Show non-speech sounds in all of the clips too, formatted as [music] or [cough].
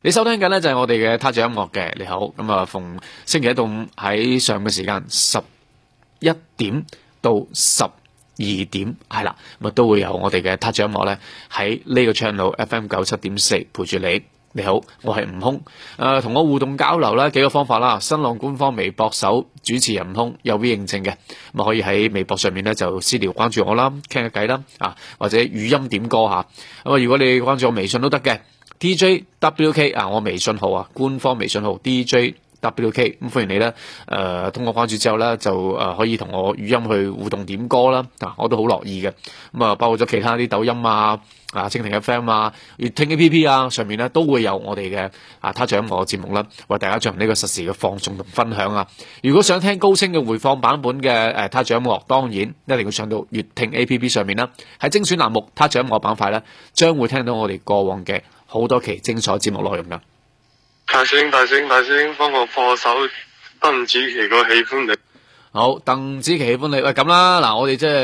你收聽緊呢就係我哋嘅 touch 音樂嘅，你好，咁啊逢星期一到五喺上午嘅時間十一點到十二點係啦，咁啊都會由我哋嘅 touch 音樂呢喺呢個 channel F M 九七點四陪住你。你好，我係悟空，誒、啊，同我互動交流啦。幾個方法啦，新浪官方微博搜主持人悟空有 V 認證嘅，咁可以喺微博上面呢就私聊關注我啦，傾下偈啦啊，或者語音點歌吓，咁啊如果你關注我微信都得嘅。D J W K 啊！我微信號啊，官方微信號 D J W K 咁，WK，歡迎你咧。誒、呃，通過關注之後咧，就誒可以同我語音去互動點歌啦。我都好樂意嘅，咁啊，包括咗其他啲抖音啊、啊蜻蜓 FM 啊、月聽 A P P 啊，上面咧都會有我哋嘅啊他掌我」嘅節目啦，為大家進行呢個實時嘅放送同分享啊。如果想聽高清嘅回放版本嘅誒他掌音樂，當然一定要上到月聽 A P P 上面啦。喺精選欄目他掌我」板塊咧，將會聽到我哋過往嘅。好多期精彩節目內容噶。大師兄大聲大聲，幫我播首鄧紫棋個喜歡你。好，鄧紫棋喜歡你喂咁啦，嗱，我哋即係誒，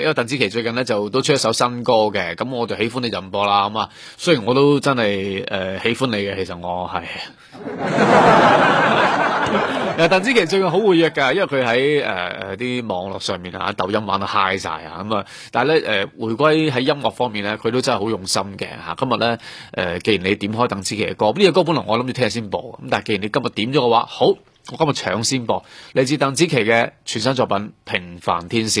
因為鄧紫棋最近咧就都出一首新歌嘅，咁我就喜歡你就唔播啦咁啊。雖然我都真係誒、呃、喜歡你嘅，其實我係。 [laughs] [laughs] 鄧紫棋最近好活躍噶，因為佢喺誒誒啲網絡上面吓、啊，抖音玩到嗨晒啊，咁啊，但係咧誒回歸喺音樂方面咧，佢都真係好用心嘅吓、啊。今日咧誒，既然你點開鄧紫棋嘅歌，呢個歌本來我諗住聽日先播，咁但係既然你今日點咗嘅話，好，我今日搶先播，嚟自鄧紫棋嘅全新作品《平凡天使》。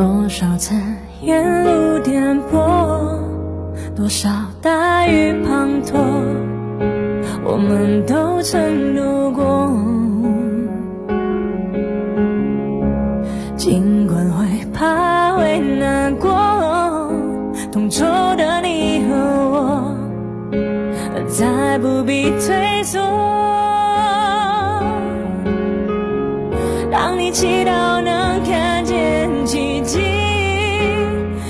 多少次沿路顛簸，多少大雨滂沱，我們都曾度過。儘管會怕會難過，同桌的你和我，再不必退縮。當你祈禱。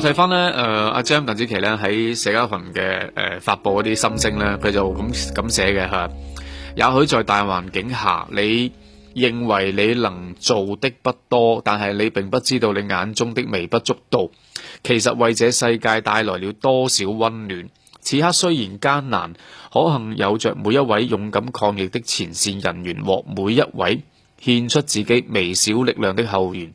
睇翻咧，誒阿張鄧紫棋咧喺社交群嘅誒發佈嗰啲心聲咧，佢就咁咁寫嘅嚇。也許在大環境下，你認為你能做的不多，但係你並不知道你眼中的微不足道，其實為這世界帶來了多少温暖。此刻雖然艱難，可幸有着每一位勇敢抗疫的前線人員和每一位獻出自己微小力量的後援。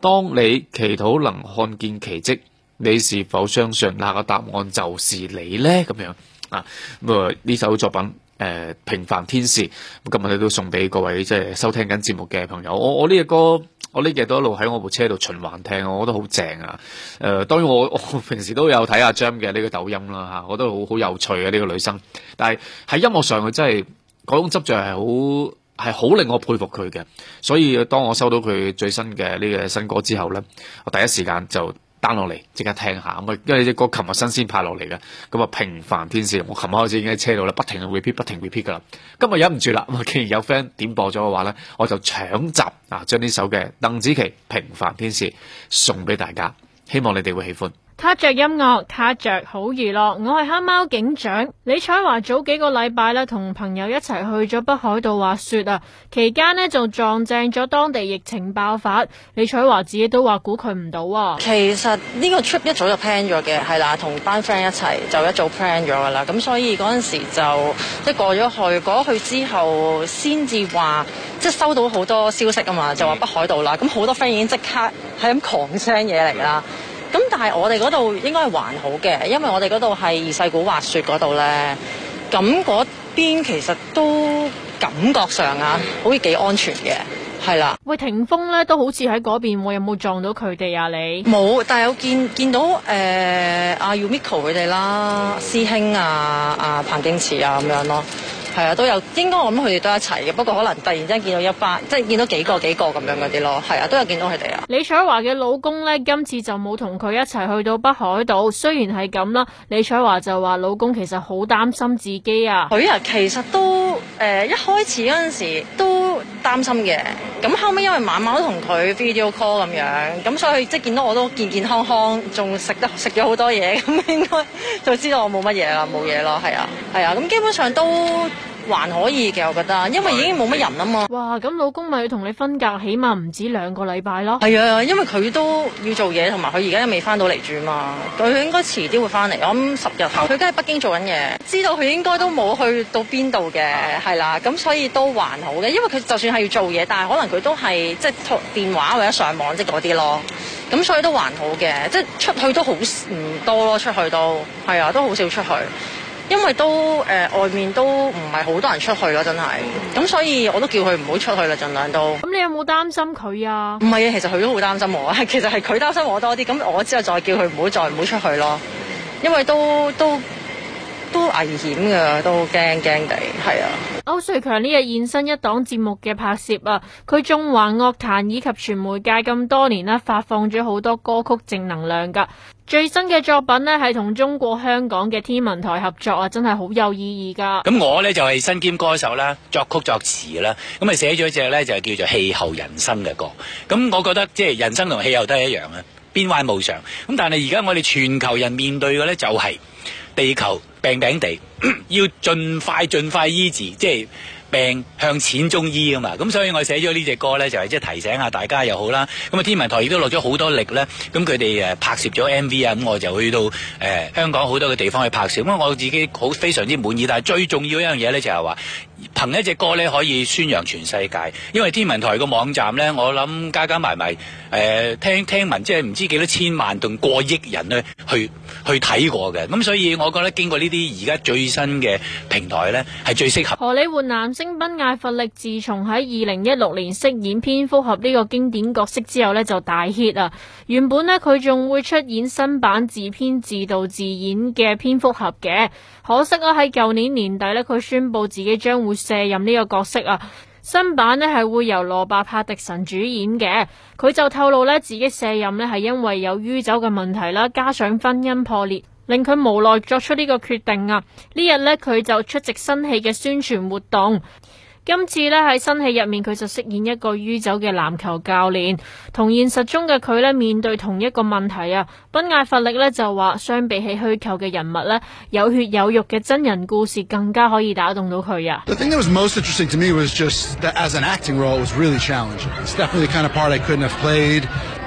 當你祈禱能看見奇蹟。你是否相信那個答案就是你呢？咁樣啊，咁啊呢首作品誒、呃《平凡天使》，咁今日你都送俾各位即係收聽緊節目嘅朋友。我我呢隻歌我呢幾日都一路喺我部車度循環聽，我覺得好正啊！誒、呃，當然我我平時都有睇阿、啊、Jam 嘅呢個抖音啦吓、啊，我覺得好好有趣嘅、啊、呢、這個女生。但係喺音樂上佢真係嗰種執着係好係好令我佩服佢嘅。所以當我收到佢最新嘅呢個新歌之後咧，我第一時間就。down 落嚟即刻聽下，因為呢隻歌琴日新鮮派落嚟嘅，咁啊平凡天使，我琴日開始已經喺車度啦，不停 repeat，不停嘅 repeat 噶啦，今日忍唔住啦，咁啊既然有 friend 點播咗嘅話咧，我就搶集啊，將呢首嘅鄧紫棋平凡天使送俾大家，希望你哋會喜歡。卡着音樂，卡着好娛樂。我係黑貓警長李彩華。早幾個禮拜呢，同朋友一齊去咗北海道滑雪啊。期間呢就撞正咗當地疫情爆發。李彩華自己都話估佢唔到啊。其實呢個 trip 一早就 plan 咗嘅，係啦，同班 friend 一齊就一早 plan 咗噶啦。咁所以嗰陣時就即係過咗去，過咗去之後先至話即係收到好多消息啊嘛，就話北海道啦。咁好多 friend 已經即刻係咁狂聲嘢嚟啦。咁但係我哋嗰度應該係還好嘅，因為我哋嗰度係二世古滑雪嗰度咧，咁嗰邊其實都感覺上啊，好似幾安全嘅，係啦。喂，霆鋒咧都好似喺嗰邊喎，我有冇撞到佢哋啊？你冇，但係我見見到誒阿、呃啊、Yumiko 佢哋啦，師兄啊，啊彭京慈啊咁樣咯。係啊，都有應該我諗佢哋都一齊嘅，不過可能突然之間見到一班，即係見到幾個幾個咁樣嗰啲咯。係啊，都有見到佢哋啊。李彩華嘅老公呢，今次就冇同佢一齊去到北海道。雖然係咁啦，李彩華就話老公其實好擔心自己啊。佢啊，其實都誒、呃、一開始嗰陣時都擔心嘅，咁後尾因為晚晚都同佢 video call 咁樣，咁所以即係見到我都健健康康，仲食得食咗好多嘢，咁 [laughs] 應該就知道我冇乜嘢啦，冇嘢咯。係啊，係啊，咁基本上都。還可以嘅，我覺得，因為已經冇乜人啊嘛。哇，咁老公咪要同你分隔，起碼唔止兩個禮拜咯。係啊，因為佢都要做嘢，同埋佢而家都未翻到嚟住啊嘛。佢應該遲啲會翻嚟，我諗十日後。佢梗係北京做緊嘢，知道佢應該都冇去到邊度嘅，係啦。咁所以都還好嘅，因為佢就算係要做嘢，但係可能佢都係即係電話或者上網即嗰啲咯。咁所以都還好嘅，即係出去都好唔多咯，出去都係啊，都好少出去。因為都誒、呃，外面都唔係好多人出去咯，真係。咁所以我都叫佢唔好出去啦，盡量都。咁你有冇擔心佢啊？唔係啊，其實佢都好擔心我啊。其實係佢擔心我多啲，咁我之後再叫佢唔好再唔好出去咯。因為都都都危險噶，都驚驚地。係啊。歐瑞強呢日現身一檔節目嘅拍攝啊，佢中環樂壇以及傳媒界咁多年啦，發放咗好多歌曲正能量噶。最新嘅作品咧，係同中國香港嘅天文台合作啊，真係好有意義噶。咁我呢，就係、是、身兼歌手啦、作曲作詞啦，咁啊寫咗一隻呢，就係叫做《氣候人生》嘅歌。咁我覺得即係、就是、人生同氣候都係一樣啊，變幻無常。咁但係而家我哋全球人面對嘅呢，就係地球病病地，要盡快盡快醫治，即係。病向淺中醫啊嘛，咁所以我寫咗呢隻歌呢，就係即係提醒下大家又好啦。咁啊，天文台亦都落咗好多力呢，咁佢哋誒拍攝咗 MV 啊，咁我就去到誒、呃、香港好多嘅地方去拍攝。咁我自己好非常之滿意，但係最重要一樣嘢呢，就係話。憑一隻歌咧可以宣揚全世界，因為天文台個網站呢，我諗加加埋埋誒聽聽聞即，即係唔知幾多千萬到過億人去去睇過嘅，咁所以我覺得經過呢啲而家最新嘅平台呢，係最適合。荷里活男星賓艾佛力，自從喺二零一六年飾演蝙蝠俠呢個經典角色之後呢，就大 hit 啊！原本呢，佢仲會出演新版自編自導自演嘅蝙蝠俠嘅。可惜啊，喺舊年年底咧，佢宣布自己將會卸任呢個角色啊。新版咧係會由羅伯·帕迪臣主演嘅。佢就透露咧自己卸任咧係因為有酗酒嘅問題啦，加上婚姻破裂，令佢無奈作出呢個決定啊。呢日呢，佢就出席新戲嘅宣傳活動。今次咧，喺新戲入面，佢就飾演一個酗酒嘅籃球教練，同現實中嘅佢咧面對同一個問題啊！賓艾弗力咧就話，相比起虛構嘅人物呢，有血有肉嘅真人故事更加可以打動到佢呀。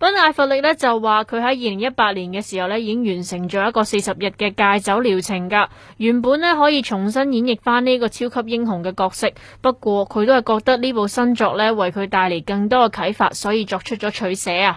本艾弗力咧就話佢喺二零一八年嘅時候咧已經完成咗一個四十日嘅戒酒療程噶，原本咧可以重新演繹翻呢個超級英雄嘅角色，不過佢都係覺得呢部新作咧為佢帶嚟更多嘅啟發，所以作出咗取捨啊。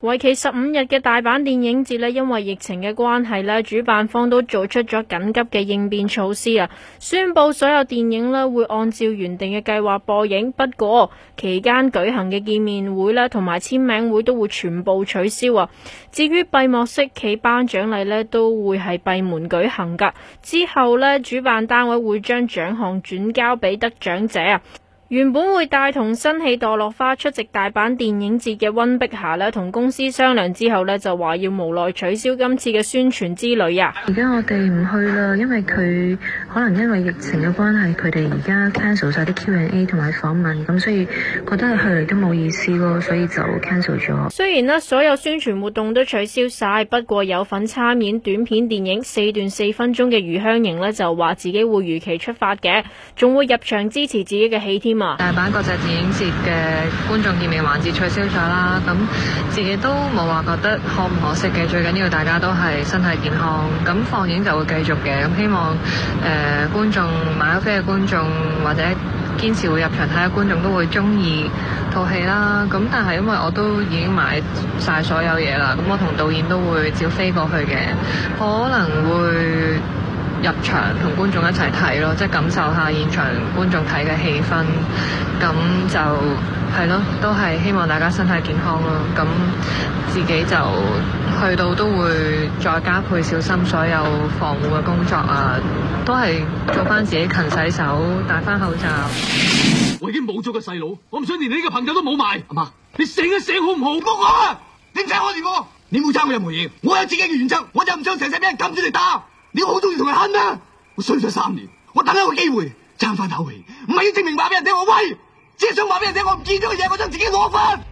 為期十五日嘅大阪電影節呢，因為疫情嘅關係呢，主辦方都做出咗緊急嘅應變措施啊，宣布所有電影呢會按照原定嘅計劃播映，不過期間舉行嘅見面會咧同埋簽名會都會全部取消啊。至於閉幕式暨頒獎禮呢，其班都會係閉門舉行噶。之後呢，主辦單位會將獎項轉交俾得獎者啊。原本會帶同新戲《墮落花》出席大阪電影節嘅溫碧霞呢，同公司商量之後呢就話要無奈取消今次嘅宣傳之旅啊！而家我哋唔去啦，因為佢可能因為疫情嘅關係，佢哋而家 cancel 晒啲 Q&A 同埋訪問，咁所以覺得去嚟都冇意思咯，所以就 cancel 咗。雖然呢所有宣傳活動都取消晒，不過有份參演短片電影四段四分鐘嘅余香瑩呢就話自己會如期出發嘅，仲會入場支持自己嘅戲添。多大阪國際電影節嘅觀眾見面環節取消咗啦，咁自己都冇話覺得可唔可惜嘅，最緊要大家都係身體健康，咁放映就會繼續嘅，咁希望誒、呃、觀眾買咗飛嘅觀眾或者堅持會入場睇嘅觀眾都會鍾意套戲啦，咁但係因為我都已經買晒所有嘢啦，咁我同導演都會照飛過去嘅，可能會。入場同觀眾一齊睇咯，即係感受下現場觀眾睇嘅氣氛。咁就係咯，都係希望大家身體健康咯。咁自己就去到都會再加倍小心所有防護嘅工作啊，都係做翻自己勤洗手、戴翻口罩。我已經冇咗個細佬，我唔想連你呢個朋友都冇埋。阿媽，你醒一醒好唔好？點解開連我？你冇爭我任何嘢，我有自己嘅原則，我就唔想成世俾人禁住你打。你好中意同佢慳啊，我衰咗三年，我等一個機會爭翻口氣，唔係要證明話俾人聽，我威，只係想話俾人聽，我唔見咗嘅嘢，我將自己攞翻。